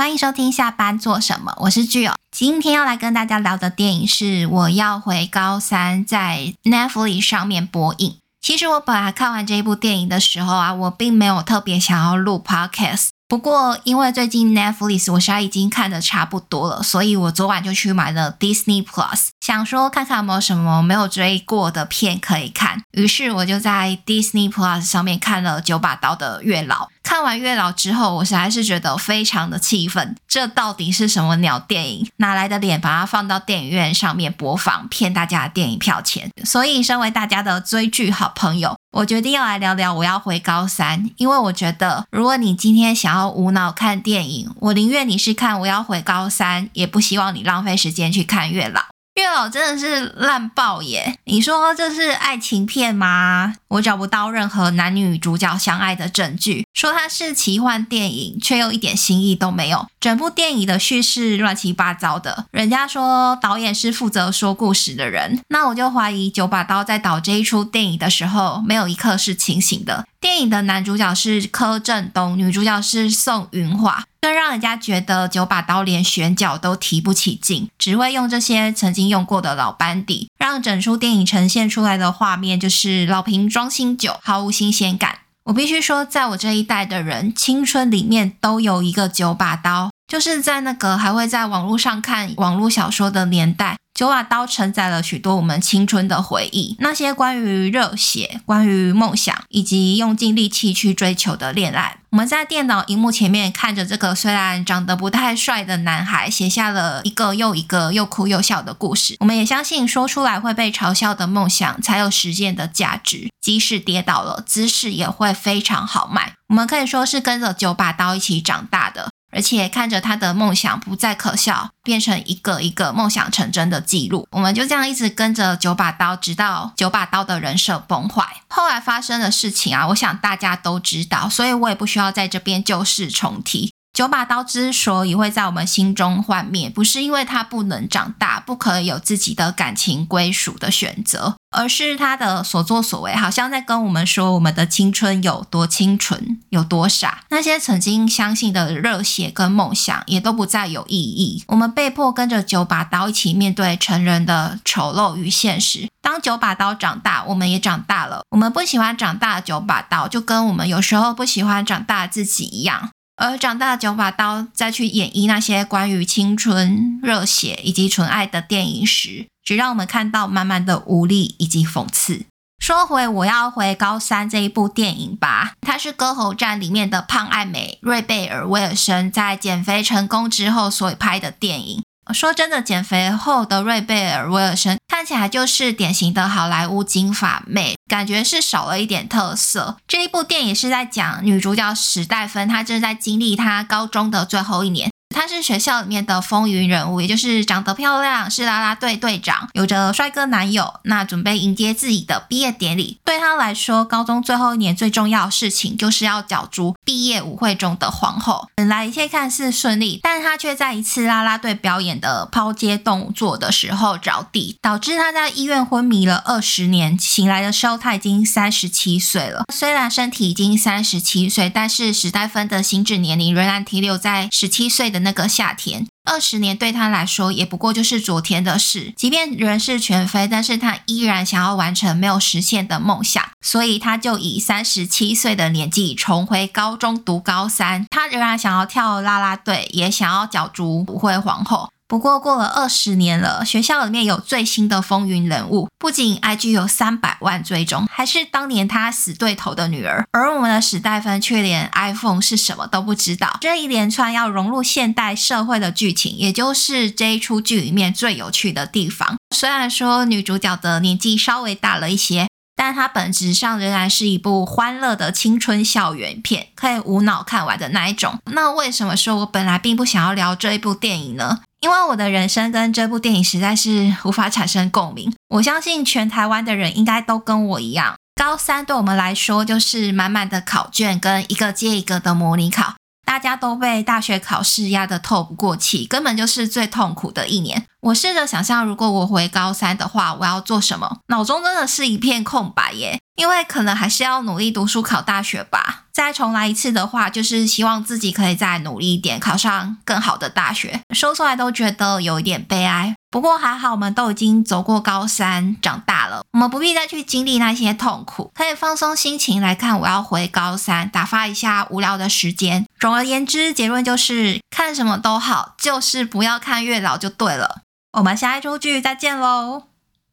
歡迎收聽下班做什麼？我是 Gio。今天要來跟大家聊的電影是《我要回高三》，在 Netflix 上面播映。其實我本來看完這一部電影的時候啊，我並沒有特別想要錄 Podcast。不過因為最近 Netflix 我現在已經看的差不多了，所以我昨晚就去買了 Disney Plus，想說看看有沒有什麼沒有追過的片可以看。於是我就在 Disney Plus 上面看了《九把刀的月老》。看完《月老》之後，我實在是覺得非常的氣憤。這到底是什麼鳥電影？哪來的臉把它放到電影院上面播放，騙大家的電影票錢。所以，身為大家的追劇好朋友，我決定要來聊聊《我要回高三》。因為我覺得，如果你今天想要無腦看電影，我寧願你是看《我要回高三》，也不希望你浪費時間去看《月老》。月老真的是爛爆耶！你說這是愛情片嗎？我找不到任何男女主角相愛的證據。說它是奇幻電影，卻又一點新意都沒有。整部電影的敘事亂七八糟的。人家說導演是負責說故事的人，那我就懷疑九把刀在導這一齣電影的時候，沒有一刻是清醒的。電影的男主角是柯震東，女主角是宋芸樺。更讓人家覺得九把刀連選角都提不起勁，只會用這些曾經用過的老班底，讓整出電影呈現出來的畫面就是老瓶裝新酒，毫無新鮮感。我必須說，在我這一代的人青春裡面都有一個九把刀，就是在那個還會在網絡上看網絡小說的年代。九把刀承載了許多我們青春的回憶，那些關於熱血、關於夢想，以及用盡力氣去追求的戀愛。我們在電腦熒幕前面看着這個雖然長得不太帥的男孩，寫下了一個又一個又哭又笑的故事。我們也相信，說出來會被嘲笑的夢想，才有實現的價值。即使跌倒了，姿勢也會非常豪邁。我們可以說是跟着九把刀一起長大的。而且看着他的夢想不再可笑，變成一個一個夢想成真的記錄，我們就這樣一直跟着九把刀，直到九把刀的人設崩壞。後來發生的事情啊，我想大家都知道，所以我也不需要在這邊舊事重提。九把刀之所以會在我們心中幻滅，不是因為他不能長大，不可以有自己的感情歸屬的選擇，而是他的所作所為好像在跟我們說，我們的青春有多清純，有多傻。那些曾經相信的熱血跟夢想，也都不再有意義。我們被迫跟着九把刀一起面對成人的醜陋與現實。當九把刀長大，我們也長大了。我們不喜歡長大的九把刀就跟我們有時候不喜歡長大的自己一樣。而長大的九把刀再去演繹那些關於青春、熱血以及純愛的電影時，只讓我們看到滿滿的無力以及諷刺。說回我要回高三這一部電影吧，它是《歌喉戰》裡面的胖艾美·瑞貝爾·威爾森在減肥成功之後所拍的電影。說真的，減肥後的瑞貝爾·威爾森看起來就是典型的好萊塢金髮妹，感覺是少了一點特色。這一部電影是在講女主角史黛芬，她正在經歷她高中的最後一年。是學校裡面的風雲人物，也就是長得漂亮，是啦啦隊隊長，有着帥哥男友。那準備迎接自己的畢業典禮，對他來說，高中最後一年最重要的事情就是要角逐畢業舞會中的皇後。本來一切看似順利，但他卻在一次啦啦隊表演的拋接動作的時候着地，導致他在醫院昏迷了二十年。醒來的時候，他已經三十七歲了。雖然身體已經三十七歲，但是史黛芬的心智年齡仍然停留在十七歲的那個的夏天，二十年對他來說也不過就是昨天的事。即便人事全非，但是他依然想要完成沒有實現的夢想，所以他就以三十七歲的年紀重回高中讀高三。他仍然想要跳啦啦隊，也想要角逐舞會皇後。不過過了二十年了，學校裡面有最新的風雲人物，不僅 IG 有三百萬追蹤，還是當年他死對頭的女兒。而我們的史黛芬卻連 iPhone 是什麼都不知道。這一連串要融入現代社會的劇情，也就是這一齣劇裡面最有趣的地方。雖然說女主角的年紀稍微大了一些，但她本質上仍然是一部歡樂的青春校園片，可以無腦看完的那一種。那為什麼說我本來並不想要聊這一部電影呢？因為我的人生跟這部電影實在是無法產生共鳴，我相信全台灣的人應該都跟我一樣。高三對我們來說就是滿滿的考卷跟一個接一個的模擬考。大家都被大學考試壓得透不過氣，根本就是最痛苦的一年。我試着想象，如果我回高三的話，我要做什麼？腦中真的是一片空白耶，因為可能還是要努力讀書考大學吧。再重來一次的話，就是希望自己可以再努力一點，考上更好的大學。說出來都覺得有一點悲哀。不過還好，我們都已經走過高三，長大了，我們不必再去經歷那些痛苦，可以放鬆心情來看我要回高三，打發一下無聊的時間。總而言之，結論就是看什麼都好，就是不要看月老就對了。我們下一周劇再見嘍！